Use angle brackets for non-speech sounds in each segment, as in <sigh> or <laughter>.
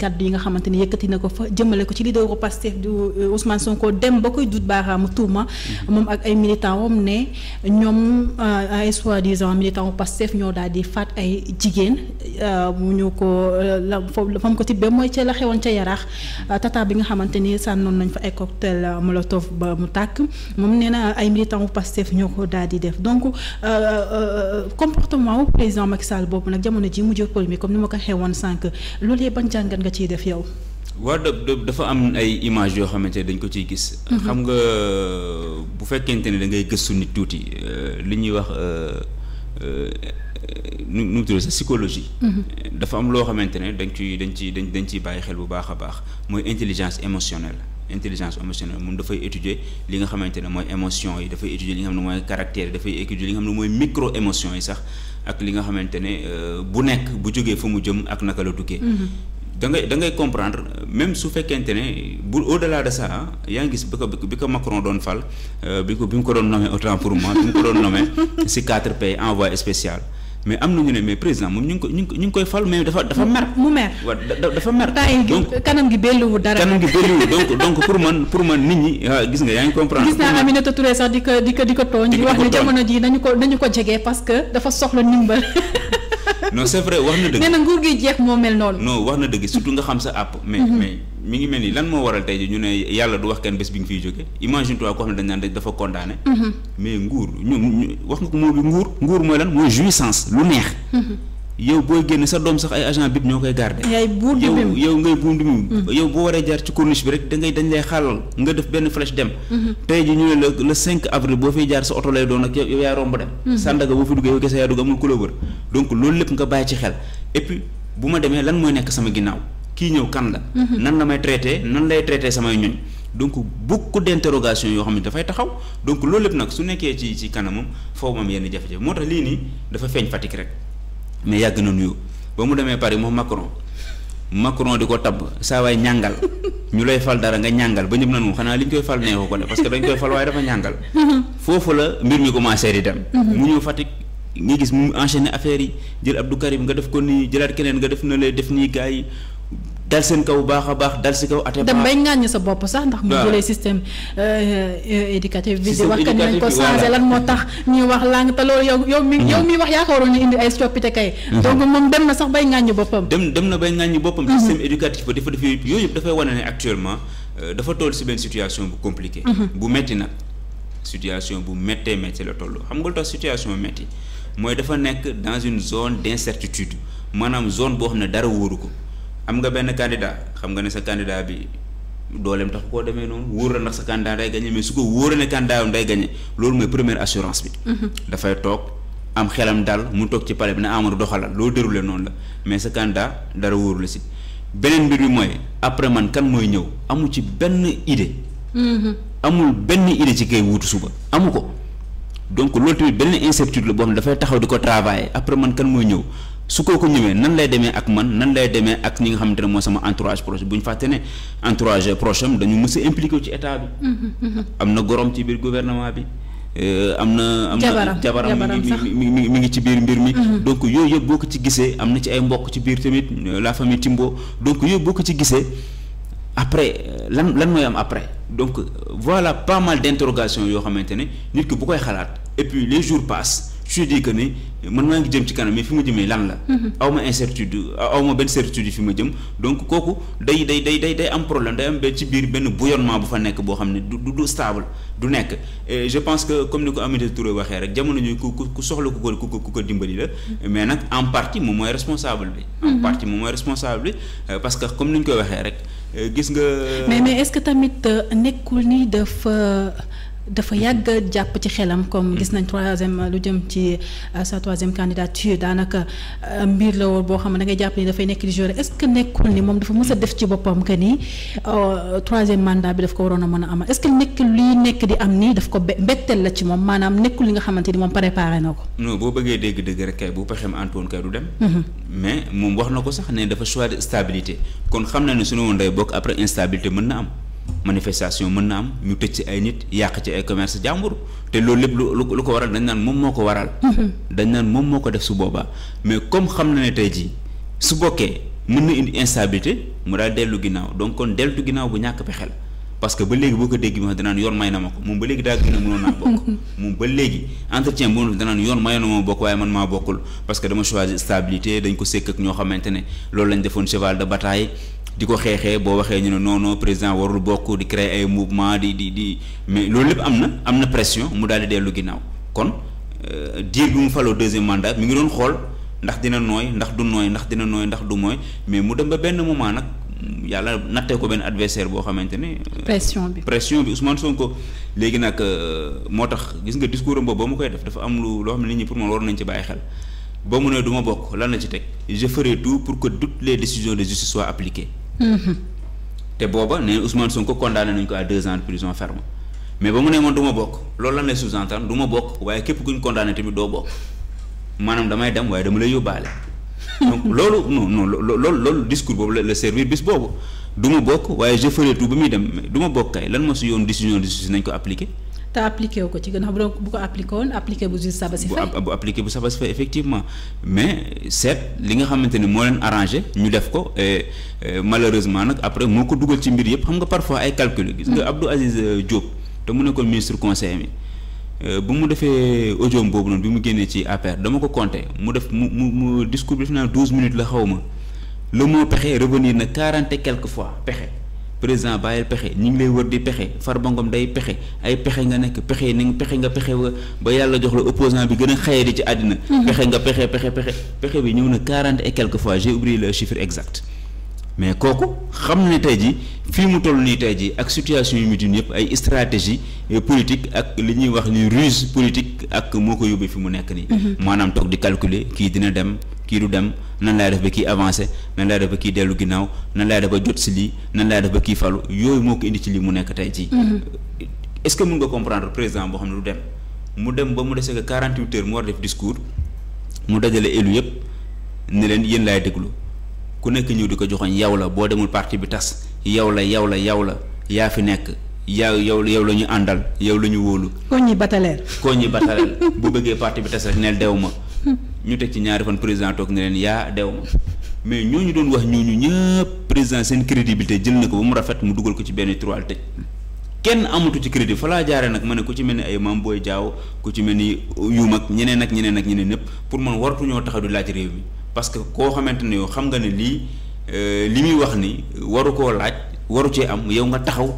kaddu yi nga xamante ni yëkkati na ko fa jëmale ko ci leaderu Pastef du euh, Ousmane Sonko dem ba koy dut baaraamu tuuma mm-hmm. moom ak ay militant wam euh, di faat ay jigéen euh, mu ñu ko la fam ko tibbee mooy ca la xewoon ca yaraax mm-hmm. bi nga xamante ni sànnoon nañ fa ay cocktail molotov ba mu tàkk moom nee na ay militant wu Pastef ñoo ko daal di def donc comportement wu président Macky Sall boobu nag jamono ji mu jël comme ni ma ko xewoon sànq loolu ban jàngat nga nga ciy def yow. waaw dafa am ay image yoo xamante ne dañ ko ciy gis. Mhm. xam nga bu fekkente ne da ngay gëstu nit tuuti euh, li ñuy wax euh, euh, nu nu mu tudd psychologie. Mhm. dafa am loo xamante ne dañ ciy dañ ciy dañ dañ ciy bàyyi xel bu baax a baax mooy intelligence émotionnelle. intelligence émotionnelle moom dafay étudier li nga xamante ne mooy émotion yi dafay étudier li nga xam ne mooy caractère yi dafay étudier li nga xam ne mooy micro émotion yi sax ak li nga xamante ne bu nekk bu jógee fa mu jëm ak naka la duggee. da ngay da ngay comprendre même su fekkente ne bu au delà de yaa ngi gis bi ko bi ko Macron doon fal euh, bi ko bi mu ko doon nommé <laughs> si quatre pays envoyé spécial mais am na ñu ne mais président moom ñu ngi ko ñu ngi koy fal mais dafa dafa mu mer waaw kanam gi belluwul dara. kanam gi belluwul donc donc pour man pour man nit ñi ah, gis nga yaa ngi comprendre. gis naa Aminata Touré sax di ko di ko di ko tooñ. di wax ne jamono ji nañu ko nañu ko jege parce <laughs> non c' est vrai wax na dëgg. <laughs> nee na nguur gi jeex moo mel noonu. non wax na dëgg surtout nga xam sa àpp. mais mhm. mais mi ngi mel ni lan moo waral tey jii ñu ne yàlla du wax kenn bés bi nga fiy jógee imagine toi koo xam ne dañ naan dafa condamné. Mhm. mais nguur ñoom wax nga ko moo bi nguur nguur mooy lan mooy jouissance lu neex. Mhm. yow booy génn sa doom sax ay agent bib ñoo koy garder. yaay buur yow yow ngay buur bi mm. yow boo waree jaar ci corniche bi rek da ngay dañ lay xaalal nga def benn flèche dem. Mm-hmm. tey ji ñu ne la le cinq avril boo fiy jaar sa oto lay doon ak yow yaa romb dem. Mm-hmm. Sandaga boo fi duggee yow kese yaa dugg amul ku wër donc loolu lépp nga bàyyi ci xel et bu ma demee lan mooy nekk sama ginnaaw kii ñëw kan la. Mm-hmm. nan la may traité nan lay traité samay ñoñ. donc beaucoup d'interrogation yoo xam ne dafay taxaw donc loolu lépp nag su nekkee ci ci kanamam foofu moom yenn jafe-jafe moo tax lii nii dafa feeñ Fatick rek. mais yàgg na nuyu ba mu demee Paris moom Macron Macron di ko tab saa waay ñàngal ñu lay fal dara nga ñàngal ba ñëpp na nu xanaa li ñu koy fal neexu ko ne parce que dañ koy fal waaye dafa ñàngal <laughs> foofu la mbir mi commencé di dem. Mhm. mu ñëw Fatick nga gis mu enchaîné affaire yi jël Abdou Karim nga def ko nii jëlaat keneen nga def na lay def nii gars yi dal seen kaw bu baax a baax dal si kaw. até dem bay ŋàññi sa bopp sax ndax. mu jëlee système euh, euh, éducatif bi. di wax que nañ ko changé lan moo tax ñuy wax langue te loolu yow yow mi yow wax yaakaaroon nañu indi ay coppite kay. Mhm. dem na sax bay ŋàññi boppam. dem dem na bay ŋàññi boppam. Mhm. système éducatif ba dafa dafa yooyu yëpp dafay wane ne actuellement euh, dafa toll si benn situation bu compliquée. Mhm. bu metti na situation bu méttee métti la toll xam nga lu tax situation métti mooy dafa nekk dans une zone d' incertitude maanaam zone boo xam ne dara wóoru ko. xam nga benn candidat xam nga ne sa candidat bi dooleem tax koo demee noonu wóor la ndax sa candidat day gagné mais su ko wóoree ne candidat am day gagné loolu mooy première assurance bi. Mhm. dafay toog am xelam dal mu toog ci pale bi na Amadou doxalal loo déroulé noonu la mais sa candidat dara wóoru la si beneen mbir bi mooy après man kan mooy ñëw amu ci benn idée. Mhm. amul benn idée ci kay wuutu suba amu ko donc loolu tamit benn incertitude la boo xam ne dafay taxaw di ko travailler après man kan mooy ñëw. su kooku ñëwee nan lay demee ak man nan lay demee ak ñi nga xamante ne mooy sama entourage proche bu ñu fàtte ne entourage proche am dañu mës a impliqué ci état mm-hmm, mm-hmm. am na gorom ci biir gouvernement bi. Euh, am na am na jabaram mi ngi mi ngi ci biir mbir mi mm-hmm. donc yooyu yëpp boo ko ci gisee am na ci ay mbokk ci biir tamit la famille Timbo donc yooyu boo ko ci gisee après euh, lan lan mooy am après donc euh, voilà pas mal d'interrogations yoo xamante ne nit ki bu koy xalaat et puis les jours passent je dis que ni man maa ngi jëm ci kanam mais fi ma jëmee lan la. Mhm. aw ma incertitude aw ma benn certitude yi fi ma jëm donc kooku day day day day day am problème day am benn ci biir benn bouillonnement bu fa nekk boo xam ne du du stable du nekk et je pense que comme ni ko Aminata Touré waxee rek jamono ji ku ku soxla ku ko ku ko ku ko dimbali la. Mhm. mais nag en partie moom mooy responsable bi. en mhm. partie moom mooy responsable bi euh, parce que comme ni ñu koy waxee rek euh, gis nga. mais mais est que tamit euh, nekkul ni dafa. dafa yàgg jàpp ci xelam comme mm-hmm. gis nañ troisième lu jëm ci euh, sa troisième candidature daanaka euh, mbir la woon boo xam ne da ngay dafa a def euh, ko waroon a mën a amal est-ce que nekk luy nekk di am nii daf ko mbetteel la ci moom maanaam nekkul li nga xamante ni moom préparé na ko. non boo bëggee dégg dëgg rek kay bu pexeem antoon kay du dem. Mm-hmm. mais moom wax na ko sax ne dafa choix stabilité kon xam na ne woon day bokk après instabilité mën na am. manifestation mën na am ñu tëj ci ay nit yàq ci ay commerce jàmbur te loolu lépp lu lu ko waral dañ naan moom moo ko waral. Mm-hmm. dañ naan moom moo ko def su boobaa mais comme xam na ne tey jii su bokkee mun na indi instabilité mu daal dellu ginnaaw donc kon deltu ginnaaw bu ñàkk pexel la que ba léegi boo ko déggee wax danaan yoon may na ma ko moom ba léegi daa gën a mënoon naa bokk. <laughs> moom ba léegi entretien bu danaan yoon may na ma bokk waaye man maa bokkul parce que dama choisir stabilité dañ ko sekk ak xamante ne loolu lañ defoon cheval de bataille. di ko xeexee boo waxee ñu ne non président warul bokk di créer ay mouvement di di di mais loolu lépp am na am na pression mu daal di dellu ginnaaw kon euh, diir bi mu falo deuxième mandat mu ngi doon xool ndax dina nooy ndax du nooy ndax dina nooy ndax du mooy mais mu dem ba benn moment nag yàlla nattee ko benn adversaire boo xamante ne. Euh, pression bi pression bi Ousmane Sonko léegi nag euh, moo tax gis nga discours am boobu ba mu koy def dafa am lu loo xam ne nit ñi pour moom war nañ ci bàyyi xel. ba mu ne du ma bokk lan la ci teg je ferai pour que les décisions de Mhm. te booba nee Ousmane Sonko condamné nañu ko à deux ans de prison ferme mais ba mu ne moon du ma bokk loolu lan lay sous-entendre du ma bokk waaye képp ku ñu condamné tamit doo bokk maanaam damay dem waaye dama lay yóbbaale. <laughs> donc loolu non non loolu loolu discours boobu la la servir bis boobu du ma bokk waaye je ba muy dem du ma bokk kay lan moo si yoon décision de justice nañ ko appliquer. te appliqué wu ko ci gën a xam bu ko appliqué woon appliqué bu juge Sabassy Faye bu appliqué bu Sabassy Faye effectivement mais seet li nga xamante ni moo leen arrangé ñu def ko malheureusement nag après moo ko dugal ci mbir yëpp xam nga parfois ay calcul gis nga mm. Abdou Aziz euh, Diop te mu nekkoon ministre conseil mi euh, bu mu defee audio boobu noonu bi mu génnee ci APR dama ko compté mu def mu mu mu discours bi def naa douze minutes la xaw ma le mot pexe revenir na quarante et fois pexe président bàyyil pexe ñu ngi lay wër di pexe Farba Ngom day pexe ay pexe nga nekk pexe ni pexe nga pexe ba yàlla jox la opposant bi gën a xëye di ci àddina mm-hmm. pexe nga pexe pexe pexe pexe bi ñëw na quarante et quelques fois j'ai oublié le chiffre exact mais kooku xam na ni tey jii fii mu toll nii tey jii ak situation yu mu mujj yëpp ay stratégie politique ak li ñuy wax ni ruse politique ak moo ko yóbbee fi mu nekk nii mm-hmm. maanaam toog di calculer kii dina dem kii du dem nan laay def ba kii avancé nan laay def ba kii dellu ginnaaw nan laay def ba jot si lii nan laay def ba kii falu yooyu moo ko indi ci lii mu nekk tey ci mm-hmm. est-ce que mun nga comprendre président boo xam ne du dem mu dem ba mu dese que 48 heures mu war def discours mu dajale élu yëpp ne leen yéen laay déglu ku nekk ñëw di ko joxoñ yow la boo demul parti bi tas yow la yow la yow la yaa fi nekk. yaa yow yow la ñu àndal yow la ñu wóolu. koñ ñi bataleel. koñ ñi bataleel bu bëggee parti bi ma. Hmm. ñu teg ci ñaari fan président toog ne leen yaa dew ma mais ñooñu doon wax ñooñu ñëpp président seen crédibilité jël na ko ba mu rafet mu dugal ko ci benn tiroir tëj kenn amatu ci crédit fa laa jaaree nag ma ne ku ci mel ni ay maam booy jaaw ku ci mel ni yu mag ñeneen ak ñeneen ak ñeneen nëpp pour man waratuñoo taxaw di laaj réew mi parce que koo xamante ne yoo xam nga ne lii euh, li muy wax ni waru koo laaj waru cee am yow nga taxaw.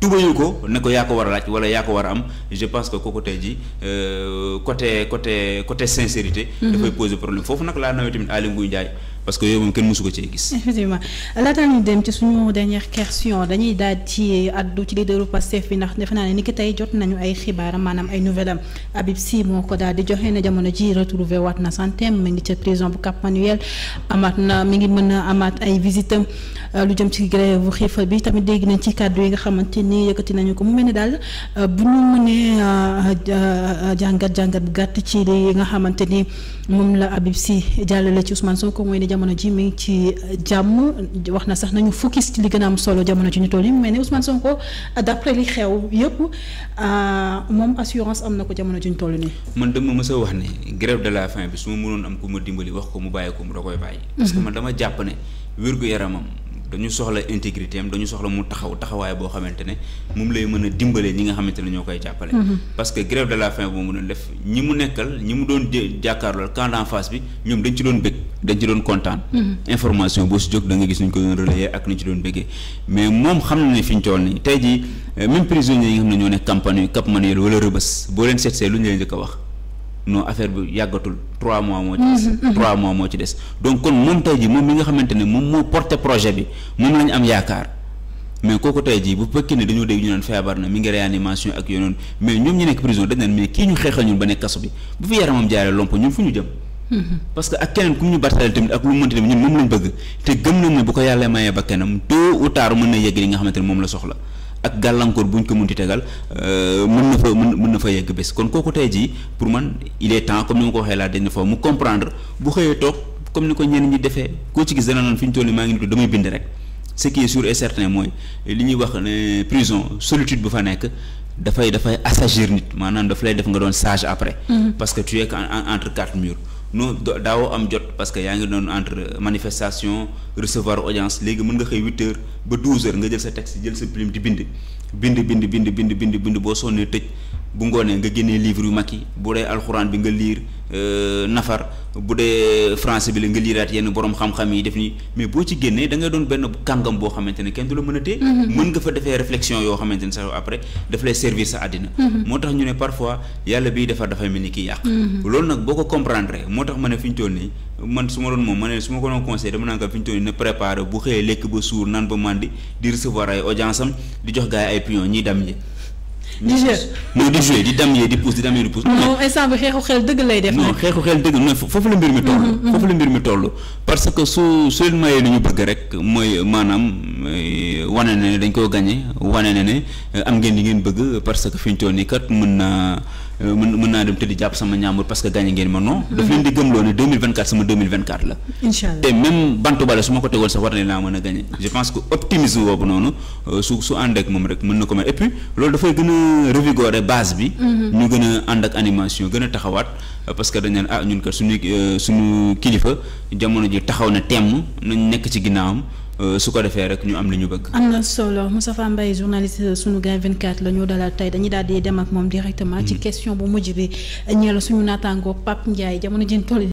tubayu ko ne ko yaa ko war a laaj wala yaa ko war a am je pense que kooku tey ji euh, côté côté côté sincérité mm-hmm. dafay poser problème foofu nag laa nawee tamit Aly Ngouille Ndiaye parce que yooyu moom kenn mësu ko cee gis. laata ñu dem ci suñu dernière question dañuy daal ci addu ci leaderu Pastef bi ndax defe naa ne ni ki tey jot nañu ay xibaaram maanaam ay nouvelle am Habib moo ko daal di joxe ne jamono ji retrouvé waat na santé mi ngi ca prison bu Cap Manuel amaat na mi ngi mën a amaat ay visitam euh, lu jëm ci grève bu xiifal bi tamit dégg nañ ci kàddu yi nga xamante nii yëkkati nañu ko mu mel ni daal euh, bu ñu mënee euh, jàngat jàngat bu gàtt ci li nga xamante ni. moom la Habib jàll jàllale ci Ousmane ko mooy ne jamono ji mi ngi ci euh, jàmm wax na sax nañu focus ci li gën a am solo jamono ci ñu toll yi mais ne Ousmane Sonko euh, d'après li xew yëpp euh, moom assurance am na ko jamono ji toll nii. man dem dama mësa wax ne grève de la faim bi su ma mënoon am ku ma dimbali wax ko mu bàyyi ko mu da koy bàyyi. parce que mhm. man dama jàpp ne wér gu yaramam. dañu soxla intégrité am dañu soxla mu taxaw taxawaay boo xamante ne moom lay mën a dimbale ñi nga xamante ne ñoo koy jàppale. Mm-hmm. parce que de la faim boo mu doon def dañ ci doon bëgg dañ ci doon kontaan. Mm-hmm. information boo si jóg da nga gis ñu ko doon relayer ak ñu ci doon bëggee mais moom xam ne fi ñu toll nii tey jii euh, même prisonniers yi nga xam ne ñoo nekk campagne Cap Manuel wala Rebeuss boo leen seetsee lu ñu leen njëkk wax. non affaire bi yàggatul trois mois moo ci mhm, des mhm. trois mois moo ci des donc kon moom tey ji moom mi nga xamante ne moom moo porté projet bi moom la am yaakaar mais kooku tey jii bu fekkee ne dañoo dégg ñu naan feebar na mi ngi réanimation ak yoonoon mais ñoom ñu nekk prison dañ naan mais kii ñu xeexal ñun ba nekk kaso bi bu fi yaramam jaaree lomp ñun fu ñu jëm mhm. parce ak keneen ku ñu bartaleel tamit ak lu mënti tamit ñun moom lañ bëgg te gëm nañ ne bu ko yàlla mayee bakkanam tôt ou tard mën na yegg li nga la soxla ak gàllankoor bu ñu ko munti tegal euh, mën na fa mën mën na fa yegg bés kon kooku tey jii pour man il est temps comme ni ma ko waxee laa dernière fois mu comprendre bu xëyee toog comme ni ko ñenn ñi defee koo ci gis dana naan fi ñu toll nii maa ngi nii damay bind rek ce qui est sûr et mooy li ñuy wax ne prison solitude bu fa nekk dafay dafay assagir nit maanaam daf lay def nga doon sage après. Mm-hmm. parce que tu es en entre quatre murs. no daawoo am jot parce que yaa ngi doon entre manifestation recevoir audience léegi mën nga xëy huit ba douze heures nga jël sa texte jël sa plume di bind bind bind bind bind bind bind boo sonnee tëj bu ngoonee nga génnee livre yu mag yi bu dee alxuraan bi nga liir euh, nafar bu dee français bi la nga liiraat yenn borom xam-xam yi def ni mais boo ci génnee dangay doon benn kàngam boo xamante ne kenn du la mën mm-hmm. mën nga fa defee réflexion yoo xamante ne sax après daf lay sa àddina. Mm-hmm. moo tax ñu ne parfois yàlla biy defar dafay mel ni kii yàq. Mm-hmm. loolu nag boo ko comprendre moo tax ma ne fi ñu toll nii man su ma doon moom ma ne su ma ko doon conseillé dama naan ko fi ñu toll lekk ba suur naan ba màndi di recevoir ay audience jox gars yi ay pion ñiy dem ñi. di joué non di joué di damyee di pousse di damyee di pousse. non instant bi xeexu xel dëgg lay def. non xeexu xel dëgg non foofu la mbir mi toll. Mm-hmm, mm-hmm. foofu la mbir mi toll parce que su su leen mayee lu ñu bëgg rek mooy maanaam euh, wane na ne dañ koo gagné wane na ne euh, am ngeen li ngeen bëgg parce que fi ñu toll nii kat mën naa. Euh, mën mën naa dem tëddi jàpp sama ñaamur parce que gagné ngeen ma non daf leen di gëmloo ne 2024 sama 2024 la te même bantu bale su ma ko tegoon sax war ne naa mën a gagné je pense que optimisme boobu noonu euh, su su ànd ak moom rek mën na ko mel et puis loolu dafay gën a revigorer base bi mm-hmm. ñu gën a ànd ak animation gën a taxawaat euh, parce que dañ naan ah ñun kat suñu suñu kilifa jamono ji taxaw na temm nañ nekk ci ginnaawam Euh, su ko defee rek ñu am li bëgg. am na solo Moustapha Mbaye journaliste sunu gain 24 la dalal tey dañuy daal dem ak moom directement. ci hmm. question bu mujj bi ñeel suñu naataangoo Pape Ndiaye jamono jën toll